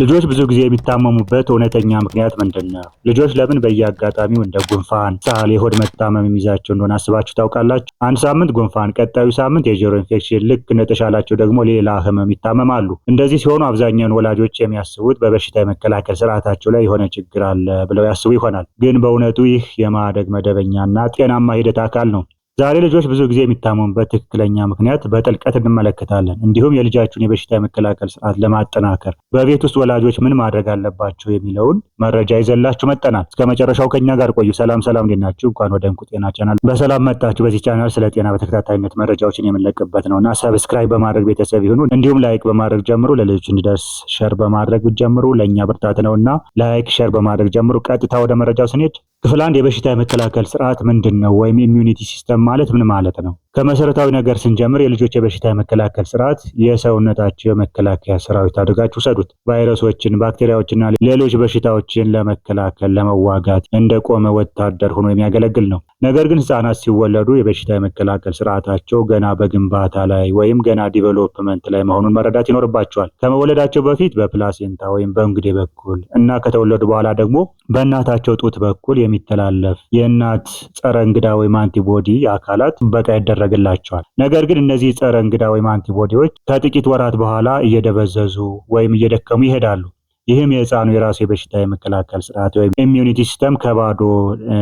ልጆች ብዙ ጊዜ የሚታመሙበት እውነተኛ ምክንያት ምንድን ነው? ልጆች ለምን በየአጋጣሚው እንደ ጉንፋን፣ ሳል፣ የሆድ መታመም የሚይዛቸው እንደሆነ አስባችሁ ታውቃላችሁ? አንድ ሳምንት ጉንፋን፣ ቀጣዩ ሳምንት የጆሮ ኢንፌክሽን፣ ልክ እንደተሻላቸው ደግሞ ሌላ ህመም ይታመማሉ። እንደዚህ ሲሆኑ አብዛኛውን ወላጆች የሚያስቡት በበሽታ የመከላከል ስርዓታቸው ላይ የሆነ ችግር አለ ብለው ያስቡ ይሆናል። ግን በእውነቱ ይህ የማደግ መደበኛና ጤናማ ሂደት አካል ነው። ዛሬ ልጆች ብዙ ጊዜ የሚታመሙበት ትክክለኛ ምክንያት በጥልቀት እንመለከታለን። እንዲሁም የልጃችሁን የበሽታ የመከላከል ስርዓት ለማጠናከር በቤት ውስጥ ወላጆች ምን ማድረግ አለባቸው የሚለውን መረጃ ይዘላችሁ መጠናል። እስከ መጨረሻው ከኛ ጋር ቆዩ። ሰላም ሰላም፣ እንዴት ናችሁ? እንኳን ወደ እንቁ ጤና ቻናል በሰላም መጣችሁ። በዚህ ቻናል ስለ ጤና በተከታታይነት መረጃዎችን የምንለቅበት ነው እና ሰብስክራይብ በማድረግ ቤተሰብ ይሁኑ። እንዲሁም ላይክ በማድረግ ጀምሩ። ለልጆች እንዲደርስ ሸር በማድረግ ጀምሩ። ለእኛ ብርታት ነው እና ላይክ ሸር በማድረግ ጀምሩ። ቀጥታ ወደ መረጃው ስንሄድ ክፍል አንድ የበሽታ የመከላከል ስርዓት ምንድን ነው? ወይም ኢሚዩኒቲ ሲስተም ማለት ምን ማለት ነው? ከመሰረታዊ ነገር ስንጀምር የልጆች የበሽታ የመከላከል ስርዓት የሰውነታቸው የመከላከያ ሰራዊት አድርጋችሁ ውሰዱት። ቫይረሶችን፣ ባክቴሪያዎችና ሌሎች በሽታዎችን ለመከላከል ለመዋጋት እንደቆመ ወታደር ሆኖ የሚያገለግል ነው። ነገር ግን ህጻናት ሲወለዱ የበሽታ የመከላከል ስርዓታቸው ገና በግንባታ ላይ ወይም ገና ዲቨሎፕመንት ላይ መሆኑን መረዳት ይኖርባቸዋል። ከመወለዳቸው በፊት በፕላሴንታ ወይም በእንግዴ በኩል እና ከተወለዱ በኋላ ደግሞ በእናታቸው ጡት በኩል የሚተላለፍ የእናት ጸረ እንግዳ ወይም አንቲቦዲ አካላት በቃ ። ይደረግላቸዋል። ነገር ግን እነዚህ ጸረ እንግዳ ወይም አንቲቦዲዎች ከጥቂት ወራት በኋላ እየደበዘዙ ወይም እየደከሙ ይሄዳሉ። ይህም የህፃኑ የራሱ የበሽታ የመከላከል ስርዓት ወይም ኢሚዩኒቲ ሲስተም ከባዶ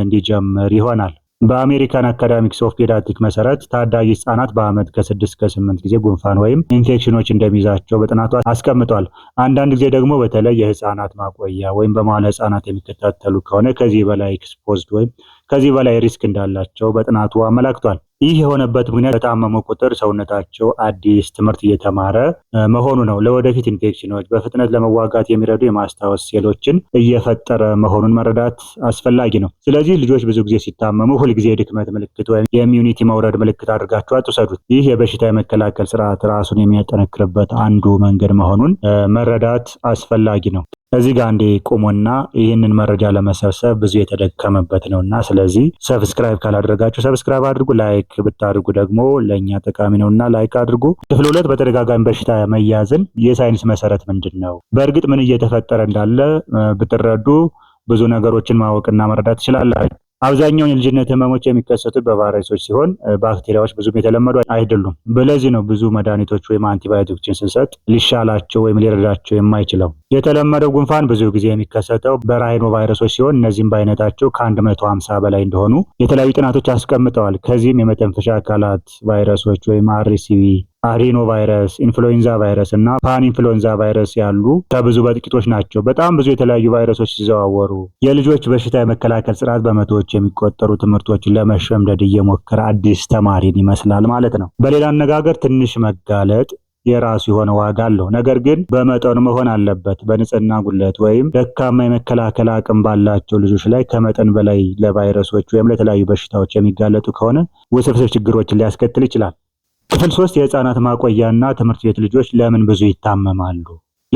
እንዲጀምር ይሆናል። በአሜሪካን አካዳሚክስ ኦፍ መሰረት ታዳጊ ህጻናት በአመት ከስድስት ከስምንት ጊዜ ጉንፋን ወይም ኢንፌክሽኖች እንደሚይዛቸው በጥናቱ አስቀምጧል። አንዳንድ ጊዜ ደግሞ በተለይ የህፃናት ማቆያ ወይም በመዋለ ህጻናት የሚከታተሉ ከሆነ ከዚህ በላይ ኤክስፖዝድ ወይም ከዚህ በላይ ሪስክ እንዳላቸው በጥናቱ አመላክቷል። ይህ የሆነበት ምክንያት በታመሙ ቁጥር ሰውነታቸው አዲስ ትምህርት እየተማረ መሆኑ ነው። ለወደፊት ኢንፌክሽኖች በፍጥነት ለመዋጋት የሚረዱ የማስታወስ ሴሎችን እየፈጠረ መሆኑን መረዳት አስፈላጊ ነው። ስለዚህ ልጆች ብዙ ጊዜ ሲታመሙ ሁልጊዜ የድክመት ምልክት ወይም የኢሚዩኒቲ መውረድ ምልክት አድርጋችሁ አትውሰዱት። ይህ የበሽታ የመከላከል ስርዓት ራሱን የሚያጠነክርበት አንዱ መንገድ መሆኑን መረዳት አስፈላጊ ነው። እዚህ ጋር እንዴ ቆሞና ይህንን መረጃ ለመሰብሰብ ብዙ የተደከመበት ነው እና ስለዚህ ሰብስክራይብ ካላደረጋችሁ ሰብስክራይብ አድርጉ። ላይክ ብታድርጉ ደግሞ ለእኛ ጠቃሚ ነው እና ላይክ አድርጉ። ክፍል ሁለት በተደጋጋሚ በሽታ መያዝን የሳይንስ መሰረት ምንድን ነው፣ በእርግጥ ምን እየተፈጠረ እንዳለ ብትረዱ ብዙ ነገሮችን ማወቅና መረዳት ትችላላችሁ። አብዛኛውን የልጅነት ህመሞች የሚከሰቱት በቫይረሶች ሲሆን ባክቴሪያዎች ብዙም የተለመዱ አይደሉም። በለዚህ ነው ብዙ መድኃኒቶች ወይም አንቲባዮቲኮችን ስንሰጥ ሊሻላቸው ወይም ሊረዳቸው የማይችለው። የተለመደው ጉንፋን ብዙ ጊዜ የሚከሰተው በራይኖ ቫይረሶች ሲሆን እነዚህም በአይነታቸው ከአንድ መቶ ሀምሳ በላይ እንደሆኑ የተለያዩ ጥናቶች አስቀምጠዋል። ከዚህም የመተንፈሻ አካላት ቫይረሶች ወይም አርሲቪ አዴኖ ቫይረስ፣ ኢንፍሉዌንዛ ቫይረስ እና ፓን ኢንፍሉዌንዛ ቫይረስ ያሉ ከብዙ በጥቂቶች ናቸው። በጣም ብዙ የተለያዩ ቫይረሶች ሲዘዋወሩ የልጆች በሽታ የመከላከል ስርዓት በመቶዎች የሚቆጠሩ ትምህርቶችን ለመሸምደድ እየሞከረ አዲስ ተማሪን ይመስላል ማለት ነው። በሌላ አነጋገር ትንሽ መጋለጥ የራሱ የሆነ ዋጋ አለው። ነገር ግን በመጠኑ መሆን አለበት። በንጽህና ጉለት ወይም ደካማ የመከላከል አቅም ባላቸው ልጆች ላይ ከመጠን በላይ ለቫይረሶች ወይም ለተለያዩ በሽታዎች የሚጋለጡ ከሆነ ውስብስብ ችግሮችን ሊያስከትል ይችላል። ክፍል ሶስት የህፃናት ማቆያና ትምህርት ቤት ልጆች ለምን ብዙ ይታመማሉ?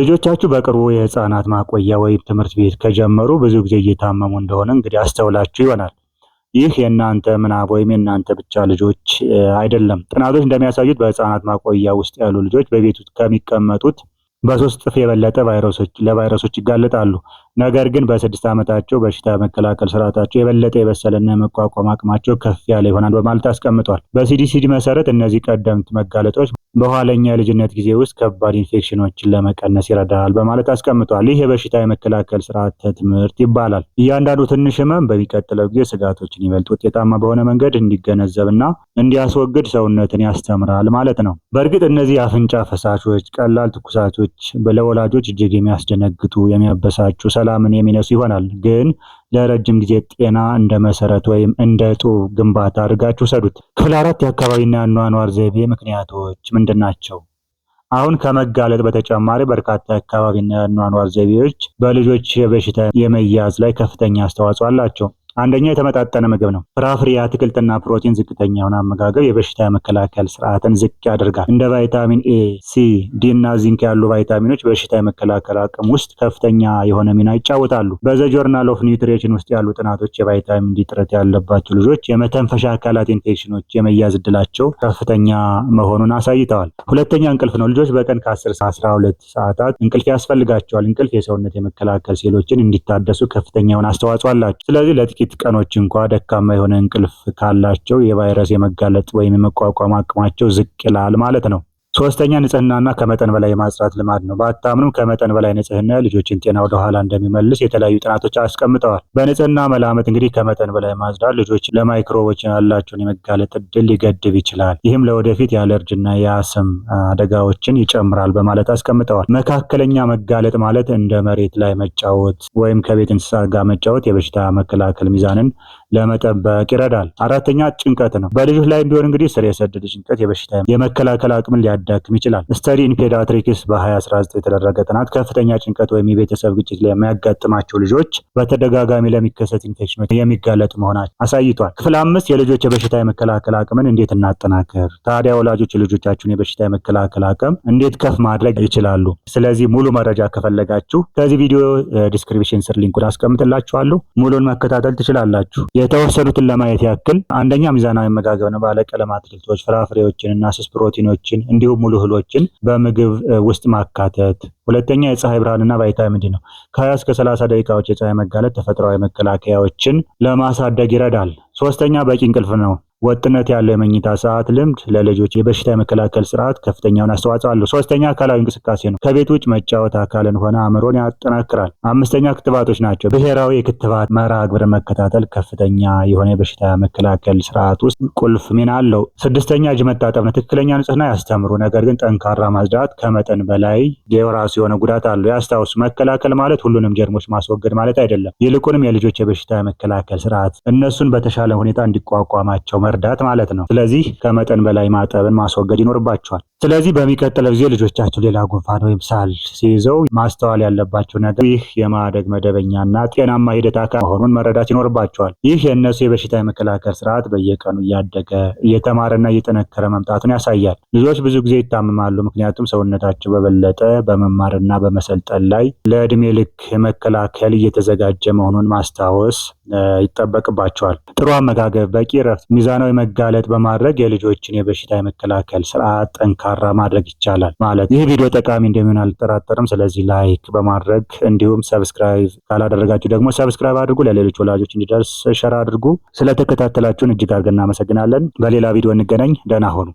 ልጆቻችሁ በቅርቡ የህፃናት ማቆያ ወይም ትምህርት ቤት ከጀመሩ ብዙ ጊዜ እየታመሙ እንደሆነ እንግዲህ አስተውላችሁ ይሆናል። ይህ የእናንተ ምናብ ወይም የእናንተ ብቻ ልጆች አይደለም። ጥናቶች እንደሚያሳዩት በህፃናት ማቆያ ውስጥ ያሉ ልጆች በቤት ውስጥ ከሚቀመጡት በሶስት እጥፍ የበለጠ ቫይረሶች ለቫይረሶች ይጋለጣሉ። ነገር ግን በስድስት ዓመታቸው በሽታ መከላከል ስርዓታቸው የበለጠ የበሰለና የመቋቋም አቅማቸው ከፍ ያለ ይሆናል በማለት አስቀምጧል። በሲዲሲዲ መሰረት እነዚህ ቀደምት መጋለጦች በኋለኛ የልጅነት ጊዜ ውስጥ ከባድ ኢንፌክሽኖችን ለመቀነስ ይረዳል በማለት አስቀምጧል። ይህ የበሽታ የመከላከል ስርዓተ ትምህርት ይባላል። እያንዳንዱ ትንሽ ህመም በሚቀጥለው ጊዜ ስጋቶችን ይበልጥ ውጤታማ በሆነ መንገድ እንዲገነዘብና እንዲያስወግድ ሰውነትን ያስተምራል ማለት ነው። በእርግጥ እነዚህ የአፍንጫ ፈሳሾች፣ ቀላል ትኩሳቶች ለወላጆች እጅግ የሚያስደነግጡ የሚያበሳጩ ሰላምን የሚነሱ ይሆናል። ግን ለረጅም ጊዜ ጤና እንደ መሰረት ወይም እንደ ጡብ ግንባታ አድርጋችሁ ውሰዱት። ክፍል አራት የአካባቢና የአኗኗር ዘይቤ ምክንያቶች ምንድን ናቸው? አሁን ከመጋለጥ በተጨማሪ በርካታ የአካባቢና የአኗኗር ዘይቤዎች በልጆች የበሽታ የመያዝ ላይ ከፍተኛ አስተዋጽኦ አላቸው። አንደኛው የተመጣጠነ ምግብ ነው። ፍራፍሬ፣ አትክልትና ፕሮቲን ዝቅተኛ የሆነ አመጋገብ የበሽታ የመከላከል ስርዓትን ዝቅ ያደርጋል። እንደ ቫይታሚን ኤ፣ ሲ፣ ዲ እና ዚንክ ያሉ ቫይታሚኖች በሽታ የመከላከል አቅም ውስጥ ከፍተኛ የሆነ ሚና ይጫወታሉ። በዘ ጆርናል ኦፍ ኒውትሪሽን ውስጥ ያሉ ጥናቶች የቫይታሚን ዲ እጥረት ያለባቸው ልጆች የመተንፈሻ አካላት ኢንፌክሽኖች የመያዝ እድላቸው ከፍተኛ መሆኑን አሳይተዋል። ሁለተኛ እንቅልፍ ነው። ልጆች በቀን ከ10 12 ሰዓታት እንቅልፍ ያስፈልጋቸዋል። እንቅልፍ የሰውነት የመከላከል ሴሎችን እንዲታደሱ ከፍተኛውን አስተዋጽኦ አላቸው። ስለዚህ ለጥቂት ለጥቂት ቀኖች እንኳ ደካማ የሆነ እንቅልፍ ካላቸው የቫይረስ የመጋለጥ ወይም የመቋቋም አቅማቸው ዝቅ ይላል ማለት ነው። ሶስተኛ ንጽህናና ከመጠን በላይ የማጽዳት ልማድ ነው። በአታምኑም ከመጠን በላይ ንጽህና ልጆችን ጤና ወደኋላ እንደሚመልስ የተለያዩ ጥናቶች አስቀምጠዋል። በንጽህና መላመት እንግዲህ ከመጠን በላይ ማጽዳት ልጆች ለማይክሮቦች ያላቸውን የመጋለጥ እድል ሊገድብ ይችላል። ይህም ለወደፊት የአለርጅና የአስም አደጋዎችን ይጨምራል በማለት አስቀምጠዋል። መካከለኛ መጋለጥ ማለት እንደ መሬት ላይ መጫወት ወይም ከቤት እንስሳት ጋር መጫወት የበሽታ መከላከል ሚዛንን ለመጠበቅ ይረዳል። አራተኛ ጭንቀት ነው። በልጆች ላይ ቢሆን እንግዲህ ስር የሰደደ ጭንቀት የበሽታ የመከላከል አቅምን ሊያዳክም ይችላል። ስተዲ ኢን ፔዲያትሪክስ በ2019 የተደረገ ጥናት ከፍተኛ ጭንቀት ወይም የቤተሰብ ግጭት ለሚያጋጥማቸው ልጆች በተደጋጋሚ ለሚከሰት ኢንፌክሽኖች የሚጋለጡ መሆናቸው አሳይቷል። ክፍል አምስት የልጆች የበሽታ የመከላከል አቅምን እንዴት እናጠናከር? ታዲያ ወላጆች የልጆቻችሁን የበሽታ የመከላከል አቅም እንዴት ከፍ ማድረግ ይችላሉ? ስለዚህ ሙሉ መረጃ ከፈለጋችሁ ከዚህ ቪዲዮ ዲስክሪፕሽን ስር ሊንኩን አስቀምጥላችኋለሁ። ሙሉን መከታተል ትችላላችሁ። የተወሰዱትን ለማየት ያክል አንደኛ ሚዛናዊ አመጋገብ ነው። ባለቀለም አትክልቶች፣ ፍራፍሬዎችን እና ስስ ፕሮቲኖችን እንዲሁም ሙሉ እህሎችን በምግብ ውስጥ ማካተት። ሁለተኛ የፀሐይ ብርሃንና ቫይታሚን ዲ ነው። ከሀያ እስከ ሰላሳ ደቂቃዎች የፀሐይ መጋለጥ ተፈጥሯዊ መከላከያዎችን ለማሳደግ ይረዳል። ሶስተኛ በቂ እንቅልፍ ነው። ወጥነት ያለው የመኝታ ሰዓት ልምድ ለልጆች የበሽታ የመከላከል ስርዓት ከፍተኛውን አስተዋጽኦ አለው። ሶስተኛ አካላዊ እንቅስቃሴ ነው። ከቤት ውጭ መጫወት አካልን ሆነ አእምሮን ያጠናክራል። አምስተኛ ክትባቶች ናቸው። ብሔራዊ የክትባት መርሃ ግብር መከታተል ከፍተኛ የሆነ የበሽታ መከላከል ስርዓት ውስጥ ቁልፍ ሚና አለው። ስድስተኛ እጅ መታጠብ ነው። ትክክለኛ ንጽህና ያስተምሩ፣ ነገር ግን ጠንካራ ማጽዳት ከመጠን በላይ የራሱ የሆነ ጉዳት አለው። ያስታውሱ፣ መከላከል ማለት ሁሉንም ጀርሞች ማስወገድ ማለት አይደለም። ይልቁንም የልጆች የበሽታ መከላከል ስርዓት እነሱን በተሻለ ሁኔታ እንዲቋቋማቸው መርዳት ማለት ነው። ስለዚህ ከመጠን በላይ ማጠብን ማስወገድ ይኖርባቸዋል። ስለዚህ በሚቀጥለው ጊዜ ልጆቻቸው ሌላ ጉንፋን ወይም ሳል ሲይዘው ማስተዋል ያለባቸው ነገር ይህ የማደግ መደበኛና ጤናማ ሂደት አካል መሆኑን መረዳት ይኖርባቸዋል። ይህ የእነሱ የበሽታ የመከላከል ስርዓት በየቀኑ እያደገ እየተማረና እየጠነከረ መምጣቱን ያሳያል። ልጆች ብዙ ጊዜ ይታመማሉ፣ ምክንያቱም ሰውነታቸው በበለጠ በመማርና በመሰልጠን ላይ ለእድሜ ልክ መከላከል እየተዘጋጀ መሆኑን ማስታወስ ይጠበቅባቸዋል። ጥሩ አመጋገብ፣ በቂ ረፍት፣ ሚዛን ለጫናው መጋለጥ በማድረግ የልጆችን የበሽታ የመከላከል ስርዓት ጠንካራ ማድረግ ይቻላል ማለት ይህ ቪዲዮ ጠቃሚ እንደሚሆን አልጠራጠርም። ስለዚህ ላይክ በማድረግ እንዲሁም ሰብስክራይብ ካላደረጋችሁ ደግሞ ሰብስክራይብ አድርጉ። ለሌሎች ወላጆች እንዲደርስ ሸር አድርጉ። ስለተከታተላችሁን እጅግ አድርገን እናመሰግናለን። በሌላ ቪዲዮ እንገናኝ። ደህና ሆኑ።